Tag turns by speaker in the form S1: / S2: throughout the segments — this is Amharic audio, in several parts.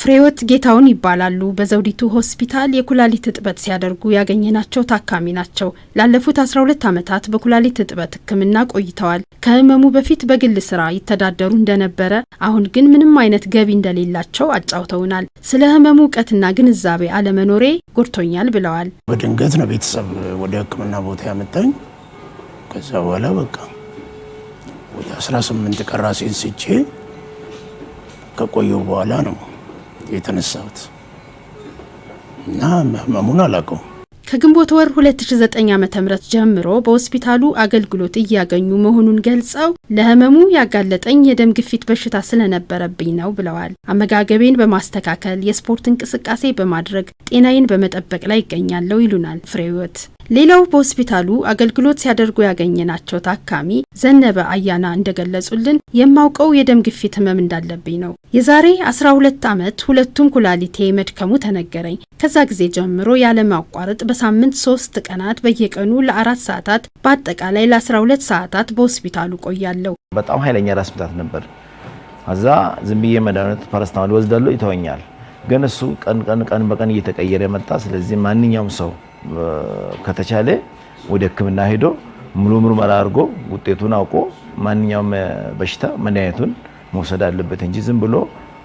S1: ፍሬወት ጌታውን ይባላሉ። በዘውዲቱ ሆስፒታል የኩላሊት እጥበት ሲያደርጉ ያገኘናቸው ታካሚ ናቸው። ላለፉት 12 ዓመታት በኩላሊት እጥበት ሕክምና ቆይተዋል። ከህመሙ በፊት በግል ስራ ይተዳደሩ እንደነበረ፣ አሁን ግን ምንም አይነት ገቢ እንደሌላቸው አጫውተውናል። ስለ ህመሙ እውቀትና ግንዛቤ አለመኖሬ ጎድቶኛል ብለዋል።
S2: በድንገት ነው ቤተሰብ ወደ ሕክምና ቦታ ያመጣኝ። ከዛ በኋላ በቃ ወደ 18 ቀን ራሴን ስቼ ከቆየው በኋላ ነው የተነሳሁት እና ህመሙን አላውቀውም።
S1: ከግንቦት ወር 2009 ዓ.ም ጀምሮ በሆስፒታሉ አገልግሎት እያገኙ መሆኑን ገልጸው ለህመሙ ያጋለጠኝ የደም ግፊት በሽታ ስለነበረብኝ ነው ብለዋል። አመጋገቤን በማስተካከል የስፖርት እንቅስቃሴ በማድረግ ጤናዬን በመጠበቅ ላይ ይገኛለሁ ይሉናል ፍሬህይወት። ሌላው በሆስፒታሉ አገልግሎት ሲያደርጉ ያገኘናቸው ታካሚ ዘነበ አያና እንደገለጹልን የማውቀው የደም ግፊት ህመም እንዳለብኝ ነው። የዛሬ 12 ዓመት ሁለቱም ኩላሊቴ መድከሙ ተነገረኝ። ከዛ ጊዜ ጀምሮ ያለማቋረጥ በሳምንት ሶስት ቀናት በየቀኑ ለአራት ሰዓታት በአጠቃላይ ለ12 ሰዓታት በሆስፒታሉ ቆያለሁ።
S3: በጣም ኃይለኛ ራስ ምታት ነበር። አዛ ዝም ብዬ መድኃኒት ፓራስታሞል ወስዳለሁ፣ ይተወኛል። ግን እሱ ቀን ቀን ቀን በቀን እየተቀየረ መጣ። ስለዚህ ማንኛውም ሰው ከተቻለ ወደ ሕክምና ሄዶ ሙሉ ምርመራ አድርጎ ውጤቱን አውቆ ማንኛውም በሽታ መድኃኒቱን መውሰድ አለበት እንጂ ዝም ብሎ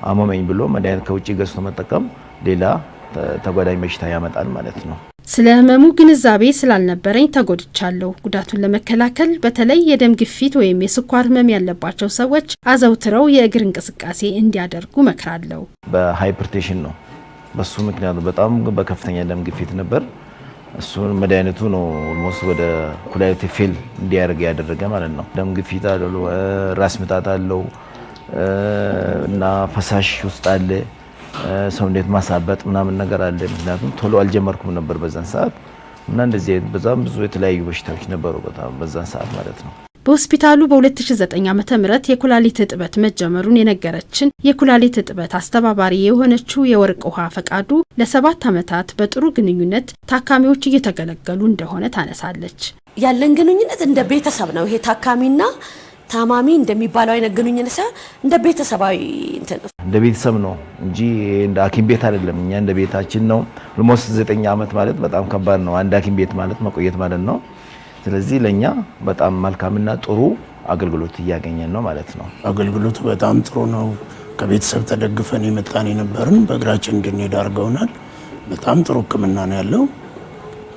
S3: አመመኝ ብሎ መድኃኒት ከውጭ ገዝቶ መጠቀም ሌላ ተጓዳኝ በሽታ ያመጣል ማለት ነው።
S1: ስለ ህመሙ ግንዛቤ ስላልነበረኝ ተጎድቻለሁ። ጉዳቱን ለመከላከል በተለይ የደም ግፊት ወይም የስኳር ህመም ያለባቸው ሰዎች አዘውትረው የእግር እንቅስቃሴ እንዲያደርጉ መክራለሁ።
S3: በሃይፐርቴሽን ነው። በሱ ምክንያቱ በጣም በከፍተኛ ደም ግፊት ነበር። እሱን መድኃኒቱ ነው ኦልሞስት ወደ ኩላሊት ፌል እንዲያደርግ ያደረገ ማለት ነው። ደም ግፊት አለው፣ ራስ ምታት አለው እና ፈሳሽ ውስጥ አለ፣ ሰውነት ማሳበጥ ምናምን ነገር አለ። ምክንያቱም ቶሎ አልጀመርኩም ነበር በዛን ሰዓት እና እንደዚህ በጣም ብዙ የተለያዩ በሽታዎች ነበሩ በዛን ሰዓት ማለት ነው።
S1: በሆስፒታሉ በ2009 ዓ ም የኩላሊት እጥበት መጀመሩን የነገረችን የኩላሊት እጥበት አስተባባሪ የሆነችው የወርቅ ውሃ ፈቃዱ ለሰባት ዓመታት በጥሩ ግንኙነት ታካሚዎች እየተገለገሉ እንደሆነ ታነሳለች።
S4: ያለን ግንኙነት እንደ ቤተሰብ ነው። ይሄ ታካሚና ታማሚ እንደሚባለው አይነት ግንኙነት እንደ ቤተሰባዊ እንትን
S3: እንደ ቤተሰብ ነው እንጂ እንደ ሐኪም ቤት አይደለም። እኛ እንደ ቤታችን ነው። ልሞስ ዘጠኝ ዓመት ማለት በጣም ከባድ ነው። አንድ ሐኪም ቤት ማለት መቆየት ማለት ነው። ስለዚህ ለእኛ በጣም መልካምና ጥሩ አገልግሎት እያገኘን ነው ማለት ነው።
S2: አገልግሎቱ በጣም ጥሩ ነው። ከቤተሰብ ተደግፈን የመጣን የነበርን በእግራችን እንድንሄድ አድርገውናል። በጣም ጥሩ ሕክምና ነው ያለው።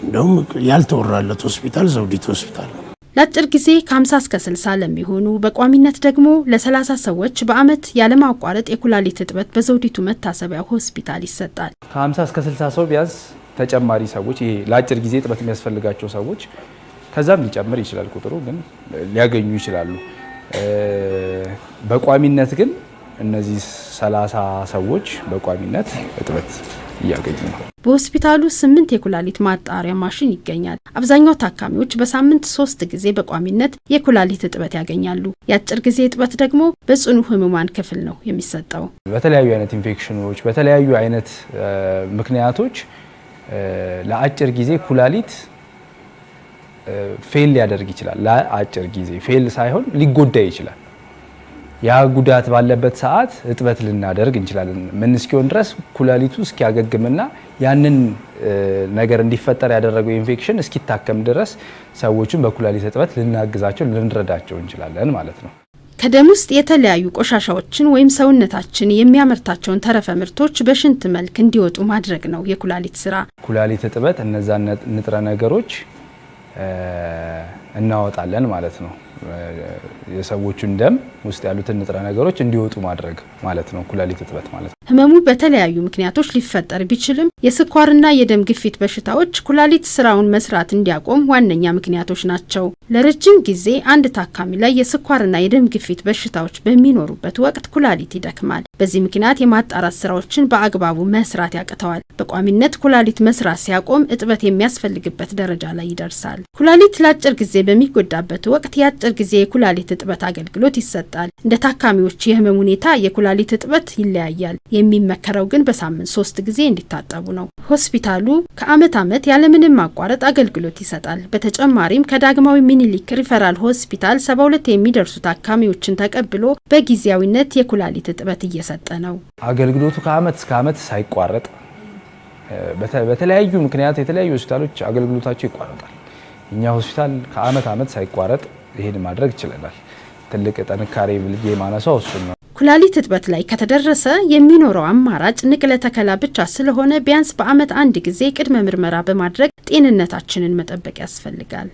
S2: እንደውም ያልተወራለት ሆስፒታል ዘውዲት ሆስፒታል ነው።
S5: ለአጭር ጊዜ ከ50 እስከ 60 ለሚሆኑ በቋሚነት ደግሞ ለ30 ሰዎች በአመት ያለማቋረጥ የኩላሊት እጥበት በዘውዲቱ መታሰቢያ ሆስፒታል ይሰጣል። ከ50 እስከ 60 ሰው ቢያንስ ተጨማሪ ሰዎች ይሄ ለአጭር ጊዜ እጥበት የሚያስፈልጋቸው ሰዎች ከዛም ሊጨምር ይችላል ቁጥሩ ግን ሊያገኙ ይችላሉ። በቋሚነት ግን እነዚህ ሰላሳ ሰዎች በቋሚነት እጥበት እያገኙ ነው።
S1: በሆስፒታሉ ስምንት የኩላሊት ማጣሪያ ማሽን ይገኛል። አብዛኛው ታካሚዎች በሳምንት ሶስት ጊዜ በቋሚነት የኩላሊት እጥበት ያገኛሉ። የአጭር ጊዜ እጥበት ደግሞ በጽኑ ህሙማን ክፍል ነው የሚሰጠው።
S5: በተለያዩ አይነት ኢንፌክሽኖች፣ በተለያዩ አይነት ምክንያቶች ለአጭር ጊዜ ኩላሊት ፌል ሊያደርግ ይችላል። ለአጭር ጊዜ ፌል ሳይሆን ሊጎዳ ይችላል። ያ ጉዳት ባለበት ሰዓት እጥበት ልናደርግ እንችላለን። ምን እስኪሆን ድረስ ኩላሊቱ እስኪያገግምና ያንን ነገር እንዲፈጠር ያደረገው ኢንፌክሽን እስኪታከም ድረስ ሰዎችን በኩላሊት እጥበት ልናግዛቸው፣ ልንረዳቸው እንችላለን ማለት ነው።
S1: ከደም ውስጥ የተለያዩ ቆሻሻዎችን ወይም ሰውነታችን የሚያመርታቸውን ተረፈ ምርቶች በሽንት መልክ እንዲወጡ ማድረግ ነው የኩላሊት ስራ።
S5: ኩላሊት እጥበት እነዛን ንጥረ ነገሮች እናወጣለን ማለት ነው። የሰዎቹን ደም ውስጥ ያሉትን ንጥረ ነገሮች እንዲወጡ ማድረግ ማለት ነው ኩላሊት እጥበት ማለት ነው።
S1: ህመሙ በተለያዩ ምክንያቶች ሊፈጠር ቢችልም የስኳርና የደም ግፊት በሽታዎች ኩላሊት ስራውን መስራት እንዲያቆም ዋነኛ ምክንያቶች ናቸው። ለረጅም ጊዜ አንድ ታካሚ ላይ የስኳርና የደም ግፊት በሽታዎች በሚኖሩበት ወቅት ኩላሊት ይደክማል። በዚህ ምክንያት የማጣራት ስራዎችን በአግባቡ መስራት ያቅተዋል። በቋሚነት ኩላሊት መስራት ሲያቆም እጥበት የሚያስፈልግበት ደረጃ ላይ ይደርሳል። ኩላሊት ለአጭር ጊዜ በሚጎዳበት ወቅት የአጭር ጊዜ የኩላሊት እጥበት አገልግሎት ይሰጣል። እንደ ታካሚዎች የህመም ሁኔታ የኩላሊት እጥበት ይለያያል። የሚመከረው ግን በሳምንት ሶስት ጊዜ እንዲታጠቡ ነው። ሆስፒታሉ ከአመት ዓመት ያለምንም ማቋረጥ አገልግሎት ይሰጣል። በተጨማሪም ከዳግማዊ ሚኒሊክ ሪፈራል ሆስፒታል 72 የሚደርሱ ታካሚዎችን ተቀብሎ በጊዜያዊነት የኩላሊት እጥበት እየሰጠ ነው።
S5: አገልግሎቱ ከአመት እስከ አመት ሳይቋረጥ በተለያዩ ምክንያት የተለያዩ ሆስፒታሎች አገልግሎታቸው ይቋረጣል። እኛ ሆስፒታል ከአመት አመት ሳይቋረጥ ይሄን ማድረግ ይችለናል። ትልቅ ጥንካሬ ብልጌ ማነሳው እሱን ነው።
S1: ኩላሊት እጥበት ላይ ከተደረሰ የሚኖረው አማራጭ ንቅለ ተከላ ብቻ ስለሆነ ቢያንስ በዓመት አንድ ጊዜ ቅድመ ምርመራ በማድረግ ጤንነታችንን መጠበቅ ያስፈልጋል።